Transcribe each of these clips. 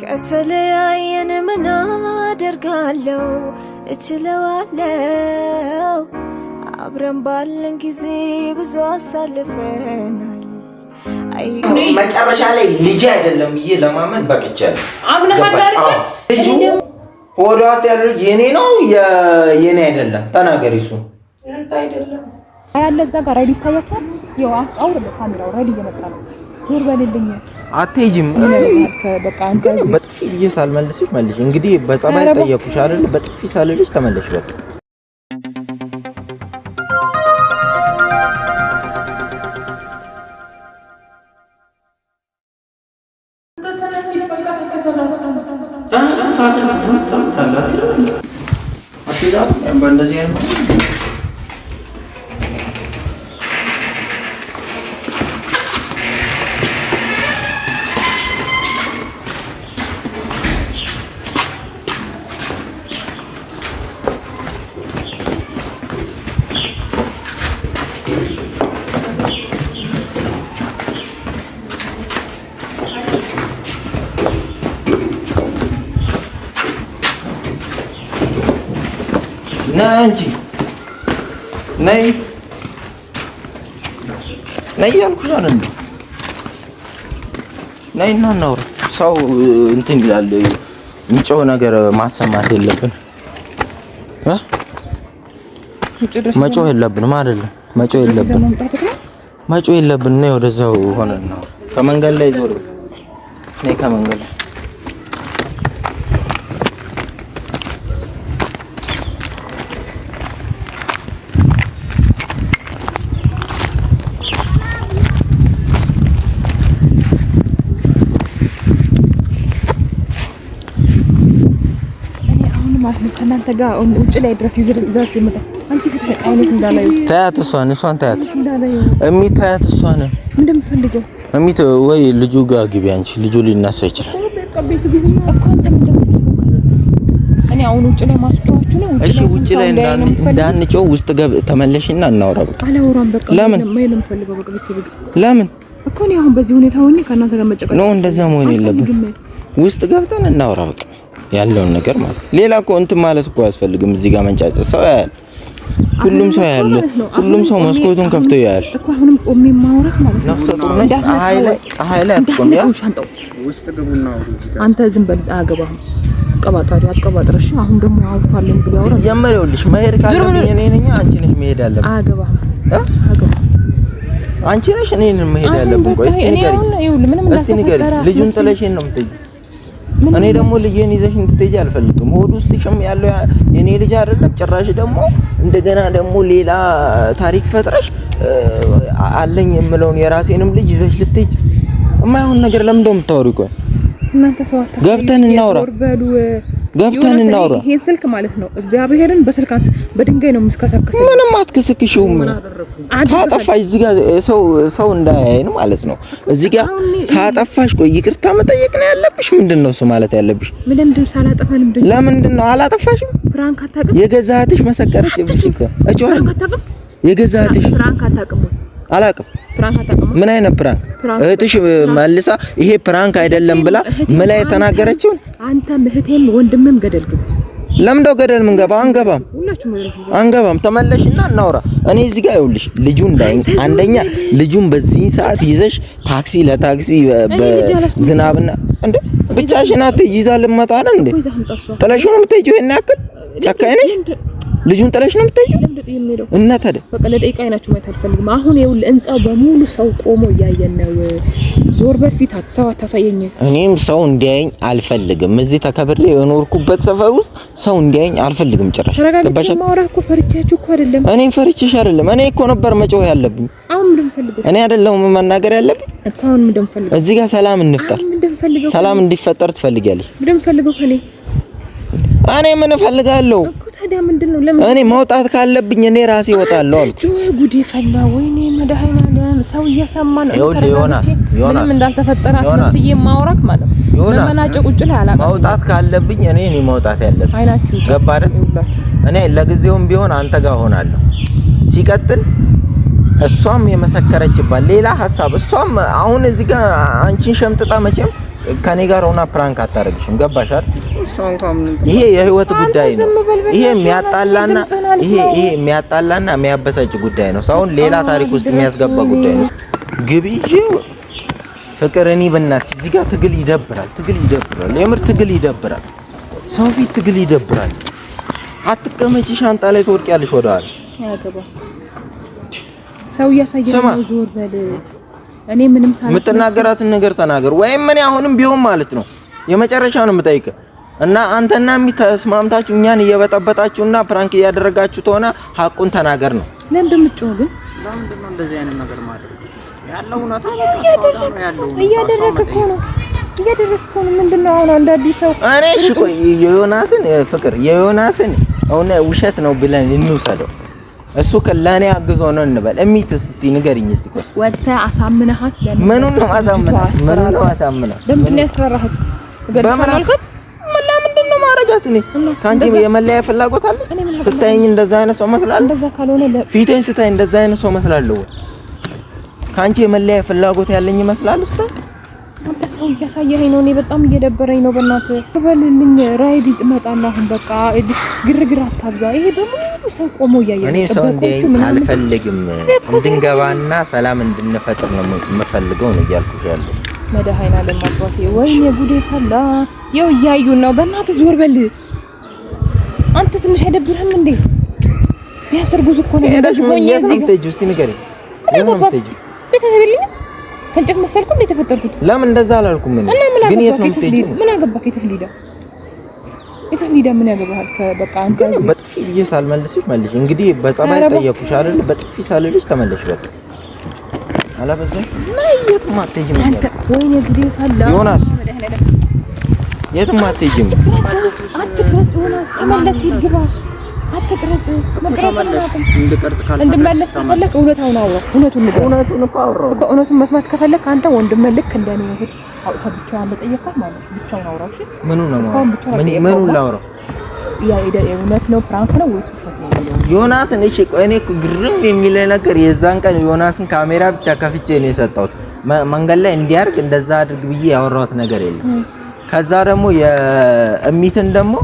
ከተለያየን ምን አደርጋለሁ? እችለዋለው። አብረን ባለን ጊዜ ብዙ አሳልፈናል። መጨረሻ ላይ ልጅ አይደለም ብዬ ለማመን በቅቻለሁ። ልጁ ሆዷ ውስጥ ያለ ልጅ የኔ ነው የኔ አይደለም። ተናገሪ እሱ ያለ እዛ ጋር አይታያቸዋል። ያው አውር ካሜራው ረድ እየመጣ ነው። ዞር በልልኝ አትሄጂም። በቃ በጥፊ ብዬ ሳልመልስሽ መልሽ። እንግዲህ በጸባይ ጠየኩሽ አይደል? በጥፊ ሳልልሽ ተመለሽ። በቃ እንደዚህ አይነት ነይ አንቺ ነይ ነይ እያልኩሽ አይደል? ነይ እና እናውራ። ሰው እንትን ይላል። የሚጮህ ነገር ማሰማት የለብን መጮ የለብንም አይደለም። መጮህ የለብን መጮህ የለብን። ነይ ወደዛው ሆነን እናውራ። ከመንገድ ላይ ዞር ነይ ከመንገድ ላይ ማለት ነው። ከእናንተ ጋር ውጭ ላይ ድረስ ይዛችሁ ይመጣል። አንቺ ፊትሽ አይነት እንዳላዩ ታያት፣ እሷን እሷን ታያት፣ እሚታያት እሷን እንደምፈልገው እሚት ወይ ልጁ ጋር ግቢ። አንቺ ልጁ ይችላል ውጭ ላይ እንዳንጮህ ውስጥ ገብ ተመለሽና እናውራ። በቃ ለምን ለምን እኮ አሁን በዚህ ሁኔታ ሆኜ ከእናንተ ጋር ነው፣ እንደዛ መሆን የለበትም። ውስጥ ገብተን እናውራ በቃ ያለውን ነገር ማለት ሌላ እኮ እንትን ማለት እኮ አያስፈልግም። እዚህ ጋር መንጫጨት ሰው ያያል፣ ሁሉም ሰው ያያል፣ ሁሉም ሰው መስኮቱን ከፍቶ ያያል። ነፍሰ ጡር ነች፣ ፀሐይ ላይ አትቆም። አንተ ዝም በል አያገባህም። ቀባጣሪ አትቀባጥረሽ። አሁን ደግሞ አውፋለን ብሎ አውራ ጀመር ይኸውልሽ፣ መሄድ ካለብኝ እኔ ነኝ፣ አንቺ ነሽ መሄድ ያለብን። አያገባህም፣ አያገባህም አንቺ ነሽ እኔን መሄድ ያለብን። ቆይ እስኪ ንገሪኝ፣ ልጁን ጥለሽን ነው የምትሄጂው? እኔ ደግሞ ልጄን ይዘሽ እንድትሄጂ አልፈልግም። ሆድ ውስጥሽም ያለው የኔ ልጅ አይደለም። ጭራሽ ደግሞ እንደገና ደግሞ ሌላ ታሪክ ፈጥረሽ አለኝ የምለውን የራሴንም ልጅ ይዘሽ ልትሄጂ የማይሆን ነገር ለምን እንደምታወሪ ቆይ እናንተ ሰው አታስቡ። ገብተን እናውራ ገብተን እናውራ። ይሄ ስልክ ማለት ነው። እግዚአብሔርን በስልካስ በድንጋይ ነው የምትከሰከሰው። ምንም አትከሰክሽውም። ካጠፋሽ እዚህ ጋር ሰው ሰው እንዳያይን ማለት ነው። እዚህ ጋር ካጠፋሽ፣ ቆይ ይቅርታ መጠየቅ ነው ያለብሽ። ምንድን ነው እሱ ማለት ያለብሽ? ምንም ሳላጠፋ ለምንድን ነው አላጠፋሽም? የገዛትሽ መሰከረች። የገዛትሽ አላቅም። ምን አይነት ፕራንክ እህትሽ መልሳ ይሄ ፕራንክ አይደለም ብላ ምን ላይ የተናገረችውን አንተ እህቴም ወንድምም ገደል ግቡ። ለምደው ገደል ምን ገባ? አንገባም፣ አንገባም። ተመለሽና እናውራ። እኔ እዚህ ጋር ይኸውልሽ ልጁ እንዳይን አንደኛ ልጁን በዚህ ሰዓት ይዘሽ ታክሲ ለታክሲ በዝናብና እንዴ ብቻሽን አትይዛ ልመጣ ነው እንዴ ጥለሽ ነው የምትሄጂው? ይሄን ያክል ጨካኝ ነሽ። ልጁን ጥለሽ ነው የምትሄጂው? እና ታዲያ በቃ ለደቂቃ አይናችሁ ማየት አልፈልግም። አሁን ይኸውልህ ሕንጻው በሙሉ ሰው ቆሞ እያየን ነው። ዞር በር ፊት ሰው አታሳየኝ። እኔም ሰው እንዲያየኝ አልፈልግም። እዚህ ተከብሬ የኖርኩበት ሰፈር ውስጥ ሰው እንዲያየኝ አልፈልግም። ጭራሽ ገባሽ? ማውራት እኮ ፈርቻችሁ እኮ አይደለም። እኔም ፈርቼሽ አይደለም። እኔ እኮ ነበር መጮህ ያለብኝ። አሁን ምን ፈልገው? እኔ አይደለሁም መናገር ያለብኝ እኮ። አሁን ምን ፈልገው? እዚህ ጋር ሰላም እንፍጠር። ሰላም እንዲፈጠር ትፈልጊያለሽ? ምን ፈልገው? ከኔ እኔ ምን እፈልጋለሁ እኮ ታዲያ ምንድን ነው? ለምን እኔ መውጣት ካለብኝ እኔ ራሴ እወጣለሁ። ጉድ ፈላ። ወይኔ መድኃኒዓለም ሰው እየሰማ ነው። ዮናስ፣ ዮናስ ምንም እንዳልተፈጠረ አስመስዬ የማወራክ ማለት ዮናስ፣ መናጨ ቁጭ ላይ አላውቅም። መውጣት ካለብኝ እኔ እኔ መውጣት ያለብኝ አይናችሁ ገባ አይደል? እኔ ለጊዜውም ቢሆን አንተ ጋር ሆናለሁ። ሲቀጥል እሷም የመሰከረችባት ሌላ ሀሳብ እሷም አሁን እዚህ ጋር አንቺን ሸምጥጣ መቼም ከኔ ጋር ሆና ፕራንክ አታደርግሽም። ገባሽ አይደል? ይሄ የህይወት ጉዳይ ነው። ይሄ የሚያጣላና ይሄ ይሄ የሚያጣላና የሚያበሳጭ ጉዳይ ነው። ሰውን ሌላ ታሪክ ውስጥ የሚያስገባ ጉዳይ ነው። ግቢ ፍቅር እኔ በእናትሽ እዚህ ጋር ትግል ይደብራል። ትግል ይደብራል። የምር ትግል ይደብራል። ሰው ፊት ትግል ይደብራል። አትቀመጪ፣ ሻንጣ ላይ ትወድቂያለሽ። ወደኋላ ሰው እያሳየ ነው። ዞር በል። እኔ ምንም ሳልሰማ የምትናገራትን ነገር ተናገር፣ ወይም እኔ አሁንም ቢሆን ማለት ነው ነው የምጠይቅህ እና አንተና ሚ እኛን እየበጠበጣችሁና ፕራንክ እያደረጋችሁ ተሆነ ሀቁን ተናገር ነው። ለምን ለምንድን ነው እንደዚህ የዮናስን ፍቅር የዮናስን ውሸት ነው ብለን እንውሰደው። እሱ ለእኔ አግዞ ነው እንበል። እሚትስ እስቲ ንገሪኝ እስቲ ቆይ ወጥተህ አሳምነሃት? ለምን ምኑን ነው አሳምነሃት? ምኑን ነው አሳምነሃት? ለምንድን ነው ያስፈራሃት? ማለት እኔ ከአንቺ የመለያ ፍላጎት አለ? ስታይኝ እንደዛ አይነት ሰው መስላለሁ። ፊቴን ስታይ እንደዛ አይነት ሰው መስላለሁ። ከአንቺ የመለያ ፍላጎት ያለኝ ይመስላል። እስቲ አንተ ሰው እያሳየኸኝ ነው። እኔ በጣም እየደበረኝ ነው። በእናትህ በልልኝ። ራይድ ይጥመጣል። አሁን በቃ ግርግር አታብዛ። ይሄ በሙሉ ሰው ቆሞ እያየ እኔ ሰው እንዲህ አልፈልግም። እንድንገባና ሰላም እንድንፈጥር ነው የምፈልገው ነው እያልኩሽ ያለው መድኃኒዓለም አባቴ፣ ወይኔ ጉዴ ፈላ። ያው እያዩን ነው። በእናትህ ዞር በል አንተ። ትንሽ አይደብርህም እንዴ? ቢያሰርጉዝ እኮ ነው። ቤተሰብ የለኝም ከእንጨት መሰልኩ እንዴ የተፈጠርኩት? ለምን እንደዛ አላልኩም ምን አገባህ? ምን አገባህ? ምን ያገባሃል? በቃ አንተ እዚህ በጥፊ ብዬ ሳልመልስሽ መልሽ። እንግዲህ በጸባይ ጠየኩሽ አይደል? በጥፊ ሳልልሽ ተመለሽ። በቃ አላበዛም የትም አትሄጂም። ዮናስ የትም አትሄጂም። እንድመለስ ከፈለክ እውነታውን አውራ። እውነቱን መስማት ከፈለክ አንተ ወንድም ልክ እንደ አውጥተህ ብቻዋን ማለት ብቻውን ምኑን ላውራው? ነው ፕራንክ ነው ወይስ ውሸት ነው? ዮናስን እሺ፣ እኔ ግርም የሚለኝ ነገር የዛን ቀን ዮናስን ካሜራ ብቻ ከፍቼ ነው የሰጠሁት። መንገድ ላይ እንዲያርግ እንደዛ አድርግ ብዬ ያወራሁት ነገር የለም። ከዛ ደግሞ የእሚትን ደግሞ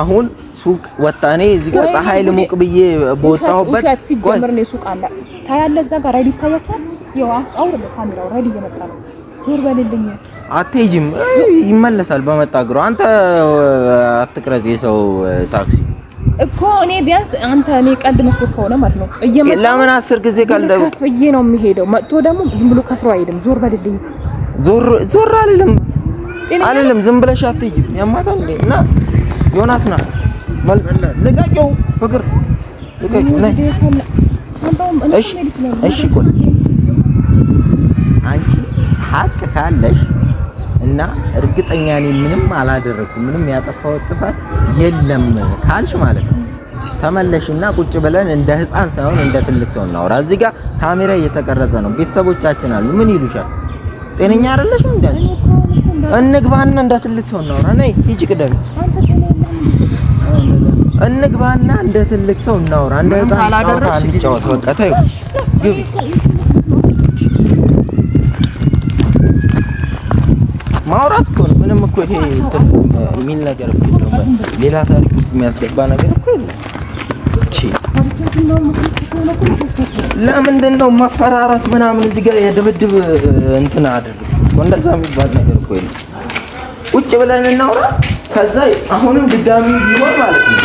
አሁን ሱቅ ወጣኔ እዚህ ጋር ፀሐይ ልሙቅ ብዬ በወጣሁበት ሲጀምር ነው ሱቅ አለ ታያለ እዛ ጋር ሬዲ ይታያቸዋል። ይኸው አውር ካሜራው ሬዲ እየመጣ ነው። ዞር በልልኝ አትሄጂም። ይመለሳል በመጣ ግሮ አንተ አትቅረጽ የሰው ታክሲ እኮ እኔ ቢያንስ አንተ እኔ ቀልድ መስሎ ከሆነ ማለት ነው ለምን አስር ጊዜ ቀልድ ከፍዬ ነው የሚሄደው። መጥቶ ደግሞ ዝም ብሎ ከስሮ አይሄድም። ዞር በልልኝ። ዞር ዞር አልልም አልልም። ዝም ብለሽ አትይም። ያማታው እንዴ እና ዮናስ ና ልቀቂው፣ ፍቅር ልቀቂው። ነይ እሺ፣ እሺ። ቆይ አንቺ ሀቅ ካለሽ እና እርግጠኛ ነኝ ምንም አላደረኩም ምንም ያጠፋሁት ጥፋት የለም ካልሽ ማለት ነው ተመለሽና ቁጭ ብለን እንደ ህፃን ሳይሆን እንደ ትልቅ ሰው እናውራ። እዚህ ጋር ካሜራ እየተቀረጸ ነው። ቤተሰቦቻችን አሉ። ምን ይሉሻል? ጤነኛ አይደለሽ እንዴ? እንግባና እንደ ትልቅ ሰው እናውራ። ነይ ሂጂ፣ ቅደም እንግባና እንደ ትልቅ ሰው እናውራ። እንደ ህፃን አላደረግሽ ልጫወት። በቃ ተይው፣ ግቢ ማውራት እኮ ነው። ምንም እኮ ይሄ የሚል ነገር ሌላ ታሪክ ውስጥ የሚያስገባ ነገር እኮ ለምንድን ነው መፈራራት ምናምን እዚህ ጋር የድብድብ እንትን አይደለም እኮ እንደዛ የሚባል ነገር እኮ የለም። ውጭ ብለን እናውራ። ከዛ አሁንም ድጋሚ ቢሆን ማለት ነው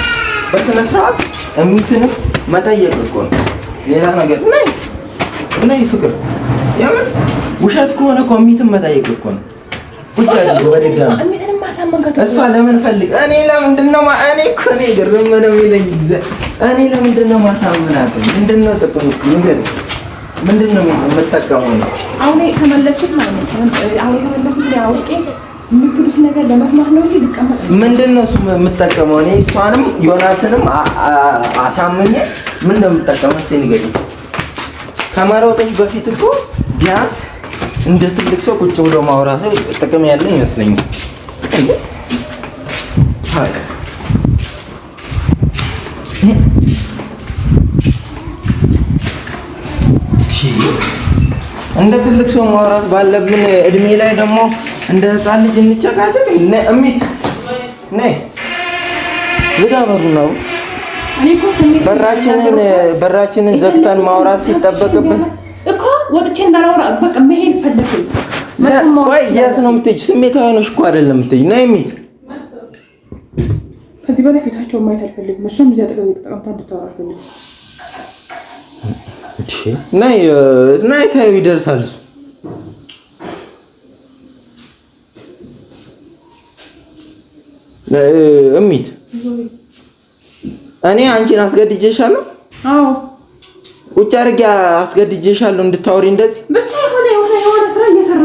በስነ ስርዓት እሚትንም መጠየቅ እኮ ነው ሌላ ነገር እና ፍቅር የምን ውሸት ከሆነ ኮሚትን መጠየቅ እኮ ነው። ውጭ አድርጎ በድጋሚ እሷ ለምን ፈልግ እኔ ለምንድን ነው እኔ እኮ እኔ ግርም ነው የሚለኝ ጊዜ እኔ ለምንድን ነው ምንድን ነው ጥቅም ውስጥ ምንድን ነው ነው አሁን ማለት ነው። አሁን የተመለሱት ምንድን ነው እሱ የምጠቀመው? እኔ እሷንም ዮናስንም አሳምኜ ምንድን ነው የምጠቀመው? እስኪ ንገሪኝ። ከመሮጥሽ በፊት እኮ ቢያንስ እንደ ትልቅ ሰው ቁጭ ብሎ ማውራት ጥቅም ያለ ይመስለኛል። እንደ ትልቅ ሰው ማውራት ባለብን እድሜ ላይ ደግሞ እንደ ህፃን ልጅ እንጨቃጨቅ? እሚት ነይ ዝጋ በሩ ነው። በራችንን በራችንን ዘግተን ማውራት ሲጠበቅብን እኮ ወጥቼ እንዳላወራ በቃ መሄድ ፈለኩኝ። የት ነው የምትሄጂው? ስሜታዊ ሆነሽ እኮ አይደለም የምትሄጂው። ነይ የሚል ከዚህ በላይ ፊታቸውን ማየት አልፈልግም። እሷም እዚያ ጠቅም ጠቀምታ እንድታወራ አልፈልግም። ነይ ታዩ ይደርሳል እሱ እሚት እኔ አንቺን አስገድጄሻለሁ። አዎ ቁጭ አድርጌ አስገድጄሻለሁ እንድታወሪ እንደዚህ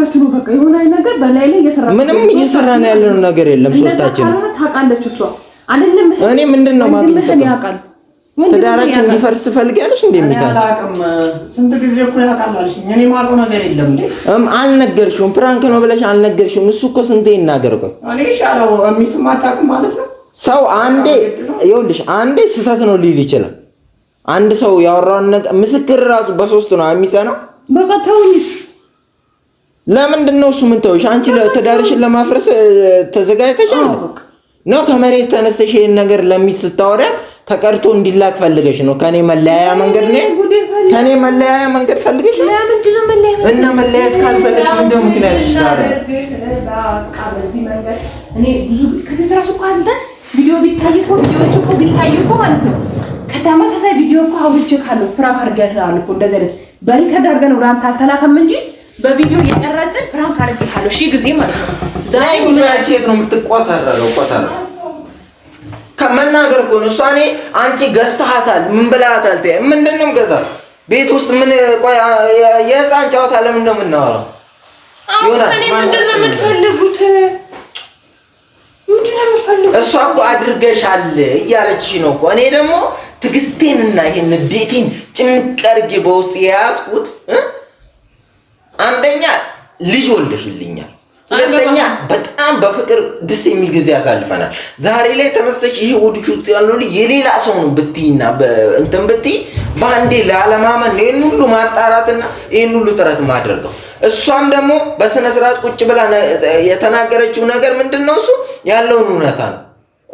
እየሰራችሁ ነው። በቃ የሆነ ነገር በላይ ላይ እየሰራችሁ ምንም እየሰራ ነው ያለነው ነገር የለም። ሶስታችን ታውቃለች እሷ አይደለም እኔ ምንድን ነው ማለት ያውቃል። ትዳራችን እንዲፈርስ ትፈልጊያለሽ? እንደሚታል ስንት ጊዜ እኮ ያውቃላለሽ። እኔ የማውቀው ነገር የለም እንዴ። አልነገርሽውም? ፕራንክ ነው ብለሽ አልነገርሽውም? እሱ እኮ ስንቴ ይናገር እኮ እኔ ይሻለው እሚትም አታውቅም ማለት ነው። ሰው አንዴ ይኸውልሽ፣ አንዴ ስህተት ነው ሊል ይችላል። አንድ ሰው ያወራውን ነገር ምስክር ራሱ በሶስት ነው የሚጸናው። በቃ ተውልሽ ለምንድን ነው እሱ? ምን ተውሽ አንቺ? ትዳርሽን ለማፍረስ ተዘጋጅተሻል ነው? ከመሬት ተነስተሽ ይሄን ነገር ለሚት ስታወሪያት ተቀርቶ እንዲላክ ፈልገሽ ነው? ከኔ መለያያ መንገድ ነው? ከኔ መለያያ መንገድ ፈልገሽ ነው? እና መለያየት ካልፈለግሽ ምንድን ነው ምክንያትሽ? ዛሬ እኔ ብዙ ከዚህ እራሱ እኮ አንተ ቪዲዮ ቢታይ እኮ ቪዲዮዎች እኮ ቢታይ እኮ ማለት ነው ከተመሳሳይ ቪዲዮ እኮ አውርቼ ካለው ፕራክ አድርገን አልኩ እንደዚህ አይነት በሪከርድ አድርገን ወደ አንተ አልተላከም እንጂ በቪዲዮ እየቀረጽ ብራን ካረግታለሁ ሺህ ጊዜ ማለት ነው። ዛሬ ምናቸት ነው የምትቆታረረው? ቆታረ ከመናገር እኮ ነው እሷ። እኔ አንቺ ገዝተሃታል፣ ምን ብለሃታል? ምንድን ነው ገዛ ቤት ውስጥ ምን የህፃን ጨዋታ ለምን ነው የምናወራው? እሷ እኮ አድርገሻል እያለችሽ ነው እኮ። እኔ ደግሞ ትግስቴንና ይህን ዴቴን ጭምቅ አድርጌ በውስጥ የያዝኩት አንደኛ ልጅ ወልደሽልኛል፣ ሁለተኛ በጣም በፍቅር ደስ የሚል ጊዜ ያሳልፈናል። ዛሬ ላይ ተነስተሽ ይሄ ወድሽ ውስጥ ያለው ልጅ የሌላ ሰው ነው ብትይና እንትን ብትይ በአንዴ ላለማመን ነው ይህን ሁሉ ማጣራትና ይህን ሁሉ ጥረት ማድረገው። እሷም ደግሞ በስነ ስርዓት ቁጭ ብላ የተናገረችው ነገር ምንድን ነው? እሱ ያለውን እውነታ ነው።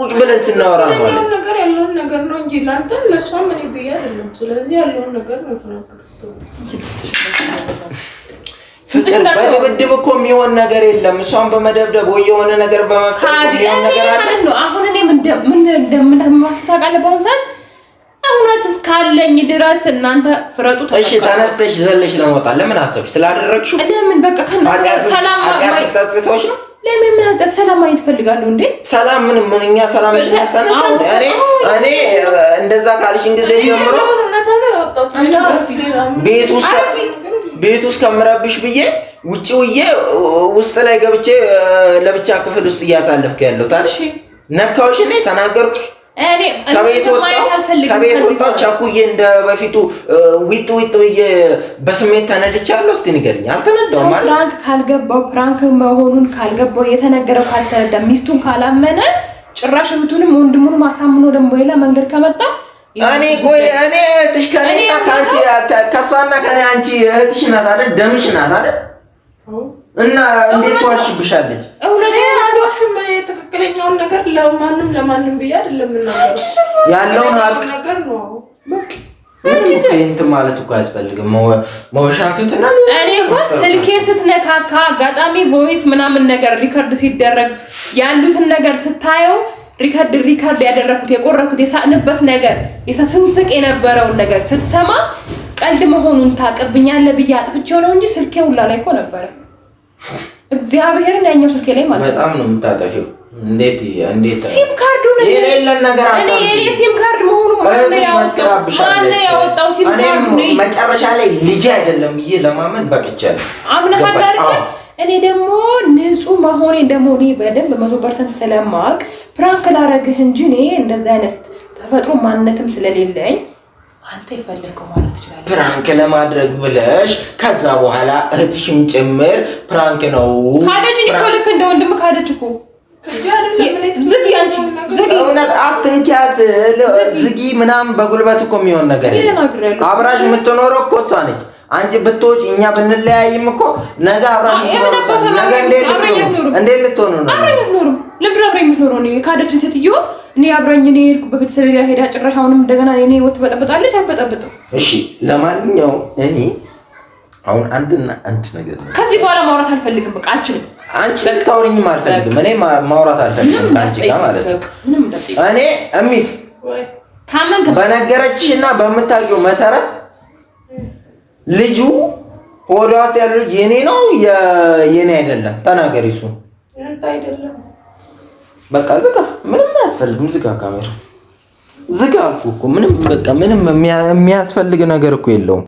ቁጭ ብለን ስናወራ ነው አለ ነገር ያለውን ነገር ነው እንጂ ለአንተ ለእሷም እኔ ብዬ አይደለም። ስለዚህ ያለውን ነገር ነው የተናገርኩት። ፍቅር በድብድብ እኮ የሚሆን ነገር የለም። እሷን በመደብደብ ወይ የሆነ ነገር በመፍጠር አሁን እኔ ምን እንደምታውቃለህ፣ በአሁን ሰዓት እውነት እስካለኝ ድረስ እናንተ ፍረጡ። እሺ፣ ተነስተሽ ዘለሽ ለመውጣት ለምን አሰብሽ? ስላደረግሽው ለምን በቃ ሰላም ነው ለምን ምን አጣ ሰላም ማየት ፈልጋለሁ እንዴ? ሰላም ምን ምን እኛ ሰላም እናስተናሽ። እኔ እኔ እንደዛ ካልሽን ጊዜ ጀምሮ ቤት ውስጥ ቤት ውስጥ ከምረብሽ ብዬ ውጭ ውዬ ውስጥ ላይ ገብቼ ለብቻ ክፍል ውስጥ እያሳለፍክ ያለው ታዲያ ነካዎች እኔ ተናገርኩሽ። ከቤት ወጣው ቸኩዬ እንደ በፊቱ ዊጥ ዊጥ ብዬ በስሜት ተነድቻለሁ። እስቲ ንገርኝ፣ አልተነዳሁም ማለት ፕራንክ ካልገባው ፕራንክ መሆኑን ካልገባው የተነገረው ካልተረዳ ሚስቱን ካላመነ ጭራሽ እህቱንም ወንድሙንም አሳምኖ ደግሞ ሌላ መንገድ ከመጣ እኔ ቆይ እኔ እህትሽ ከኔና ከአንቺ ከእሷና ከኔ አንቺ እህትሽ ናት አይደል? ደምሽ ናት አይደል? እና እንዴት ትዋሽብሻለች? እውነቴን አልዋሽም። ትክክለኛውን ነገር ለማንም ለማንም ብዬ አይደለም እና ያለውን ሀቅ ነገር ነው። እንት ማለት እኮ አያስፈልግም። መወሻከት እኔ እኮ ስልኬ ስትነካካ አጋጣሚ ቮይስ ምናምን ነገር ሪከርድ ሲደረግ ያሉትን ነገር ስታየው ሪከርድ ሪከርድ ያደረኩት የቆረኩት የሳቅንበት ነገር የሳስንስቅ የነበረውን ነገር ስትሰማ ቀልድ መሆኑን ታቅብኛለህ ብዬ አጥፍቼው ነው እንጂ ስልኬ ሁላ ላይ እኮ ነበረ። እግዚአብሔርን ያኛው ስልኬ ላይ ማለት በጣም ነው የምታጠፊው። እንዴት እንዴት ሲም ካርዱ ነው የሌለን ነገር እኔ ሲም ካርድ መሆኑ ማነው ያወጣው? ሲም ካርዱ መጨረሻ ላይ ልጅ አይደለም ብዬ ለማመን በቅቻለሁ። አምነሃል አይደል? እኔ ደግሞ ንጹህ መሆኔን ደግሞ እኔ በደንብ መቶ ፐርሰንት ስለማቅ ፕራንክ ላረግህ እንጂ እኔ እንደዚህ አይነት ተፈጥሮ ማንነትም ስለሌለኝ አንተ የፈለግከው ማለት ትችላለህ። ፕራንክ ለማድረግ ብለሽ ከዛ በኋላ እህትሽም ጭምር ፕራንክ ነው ካደች። እኮ ልክ እንደ ወንድም ካደች እኮ እውነት አትንኪያት፣ ዝጊ ምናምን በጉልበት እኮ የሚሆን ነገር አብራሽ የምትኖረው እኮ እሷ ነች። አንቺ ብትወጪ እኛ ብንለያይም እኮ ነገ አብረን እንዴት ልትሆኑ ነው? ለምን አብረን የምትኖረው? እኔ ካደችን ሴትዮ እኔ አብረኝ እኔ ሄድኩ በቤተሰብ ጋር ሄዳ ጭራሽ አሁንም እንደገና እኔ ወጥ በጠብጣለች። አይበጠብጥም። እሺ፣ ለማንኛውም እኔ አሁን አንድና አንድ ነገር ነው። ከዚህ በኋላ ማውራት አልፈልግም። በቃ አልችልም። አንቺ ልታወሪኝም አልፈልግም። እኔ ማውራት አልፈልግም ከአንቺ ጋር ማለት ነው። እኔ እሚት በነገረችሽ እና በምታውቂው መሰረት ልጁ ወደ ውስጥ ያለ ልጅ የኔ ነው የኔ አይደለም? ተናገሪ። እሱ በቃ ዝጋ፣ ምንም አያስፈልግም። ዝጋ፣ ካሜራ ዝጋ አልኩ እኮ ምንም በቃ ምንም የሚያስፈልግ ነገር እኮ የለውም።